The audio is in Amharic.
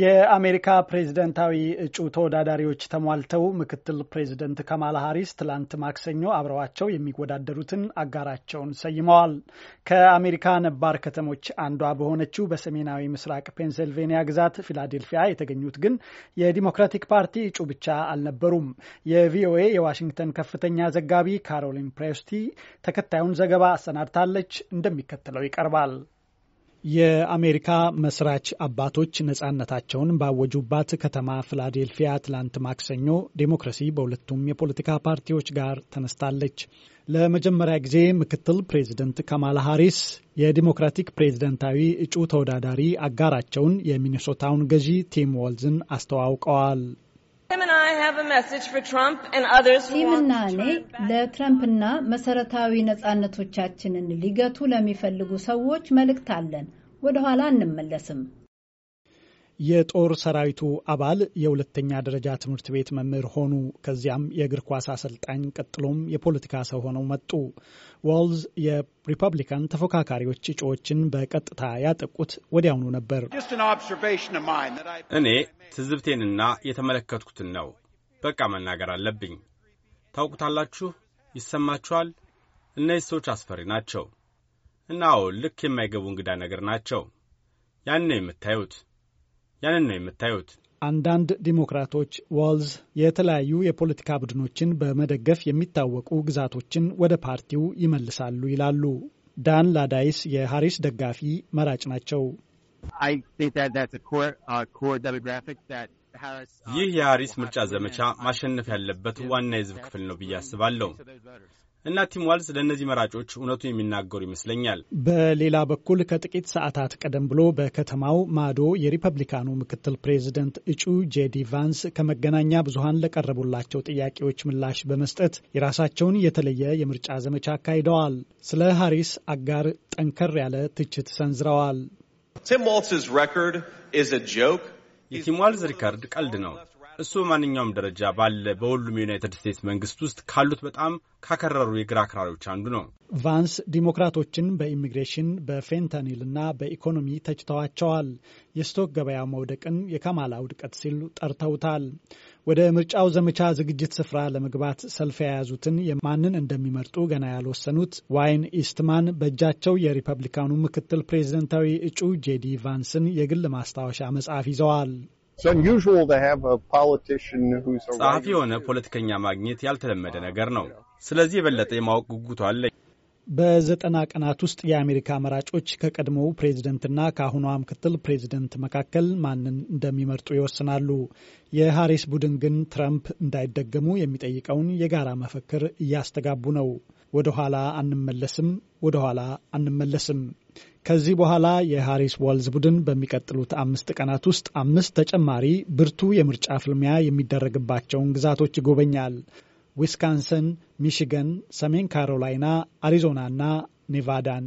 የአሜሪካ ፕሬዝደንታዊ እጩ ተወዳዳሪዎች ተሟልተው ምክትል ፕሬዝደንት ካማላ ሀሪስ ትላንት ማክሰኞ አብረዋቸው የሚወዳደሩትን አጋራቸውን ሰይመዋል። ከአሜሪካ ነባር ከተሞች አንዷ በሆነችው በሰሜናዊ ምስራቅ ፔንሰልቬኒያ ግዛት ፊላዴልፊያ የተገኙት ግን የዲሞክራቲክ ፓርቲ እጩ ብቻ አልነበሩም። የቪኦኤ የዋሽንግተን ከፍተኛ ዘጋቢ ካሮሊን ፕሬስቲ ተከታዩን ዘገባ አሰናድታለች፣ እንደሚከተለው ይቀርባል። የአሜሪካ መስራች አባቶች ነጻነታቸውን ባወጁባት ከተማ ፊላዴልፊያ ትላንት ማክሰኞ ዴሞክራሲ በሁለቱም የፖለቲካ ፓርቲዎች ጋር ተነስታለች። ለመጀመሪያ ጊዜ ምክትል ፕሬዚደንት ካማላ ሃሪስ የዲሞክራቲክ ፕሬዝደንታዊ እጩ ተወዳዳሪ አጋራቸውን የሚኒሶታውን ገዢ ቲም ዋልዝን አስተዋውቀዋል። ቲምና እኔ ለትረምፕና መሰረታዊ ነጻነቶቻችንን ሊገቱ ለሚፈልጉ ሰዎች መልእክት አለን። ወደኋላ አንመለስም። የጦር ሰራዊቱ አባል የሁለተኛ ደረጃ ትምህርት ቤት መምህር ሆኑ። ከዚያም የእግር ኳስ አሰልጣኝ፣ ቀጥሎም የፖለቲካ ሰው ሆነው መጡ። ዋልዝ የሪፐብሊካን ተፎካካሪዎች እጩዎችን በቀጥታ ያጠቁት ወዲያውኑ ነበር። እኔ ትዝብቴንና የተመለከትኩትን ነው በቃ መናገር አለብኝ። ታውቁታላችሁ፣ ይሰማችኋል። እነዚህ ሰዎች አስፈሪ ናቸው እና ልክ የማይገቡ እንግዳ ነገር ናቸው። ያን ነው የምታዩት። ያንን ነው የምታዩት። አንዳንድ ዲሞክራቶች ዋልዝ የተለያዩ የፖለቲካ ቡድኖችን በመደገፍ የሚታወቁ ግዛቶችን ወደ ፓርቲው ይመልሳሉ ይላሉ። ዳን ላዳይስ የሃሪስ ደጋፊ መራጭ ናቸው። uh, uh, ይህ የሃሪስ ምርጫ ዘመቻ ማሸነፍ ያለበት ዋና የህዝብ ክፍል ነው ብዬ አስባለሁ። እና ቲም ዋልዝ ለእነዚህ መራጮች እውነቱ የሚናገሩ ይመስለኛል። በሌላ በኩል ከጥቂት ሰዓታት ቀደም ብሎ በከተማው ማዶ የሪፐብሊካኑ ምክትል ፕሬዚደንት እጩ ጄዲ ቫንስ ከመገናኛ ብዙኃን ለቀረቡላቸው ጥያቄዎች ምላሽ በመስጠት የራሳቸውን የተለየ የምርጫ ዘመቻ አካሂደዋል። ስለ ሃሪስ አጋር ጠንከር ያለ ትችት ሰንዝረዋል። የቲም ዋልዝ ሪካርድ ቀልድ ነው። እሱ በማንኛውም ደረጃ ባለ በሁሉም የዩናይትድ ስቴትስ መንግስት ውስጥ ካሉት በጣም ካከረሩ የግራ አክራሪዎች አንዱ ነው። ቫንስ ዲሞክራቶችን በኢሚግሬሽን በፌንታኒል በኢኮኖሚ ተችተዋቸዋል። የስቶክ ገበያ መውደቅን የካማላ ውድቀት ሲሉ ጠርተውታል። ወደ ምርጫው ዘመቻ ዝግጅት ስፍራ ለመግባት ሰልፍ የያዙትን የማንን እንደሚመርጡ ገና ያልወሰኑት ዋይን ኢስትማን በእጃቸው የሪፐብሊካኑ ምክትል ፕሬዚደንታዊ እጩ ጄዲ ቫንስን የግል ማስታወሻ መጽሐፍ ይዘዋል። ጸሐፊ የሆነ ፖለቲከኛ ማግኘት ያልተለመደ uh, ነገር ነው። ስለዚህ የበለጠ የማወቅ ጉጉቱ አለ። በዘጠና ቀናት ውስጥ የአሜሪካ መራጮች ከቀድሞው ፕሬዝደንትና ከአሁኗ ምክትል ፕሬዝደንት መካከል ማንን እንደሚመርጡ ይወስናሉ። የሀሪስ ቡድን ግን ትራምፕ እንዳይደገሙ የሚጠይቀውን የጋራ መፈክር እያስተጋቡ ነው። ወደኋላ አንመለስም፣ ወደኋላ አንመለስም። ከዚህ በኋላ የሃሪስ ወልዝ ቡድን በሚቀጥሉት አምስት ቀናት ውስጥ አምስት ተጨማሪ ብርቱ የምርጫ ፍልሚያ የሚደረግባቸውን ግዛቶች ይጎበኛል። ዊስካንሰን፣ ሚሽገን፣ ሰሜን ካሮላይና፣ አሪዞናና ኔቫዳን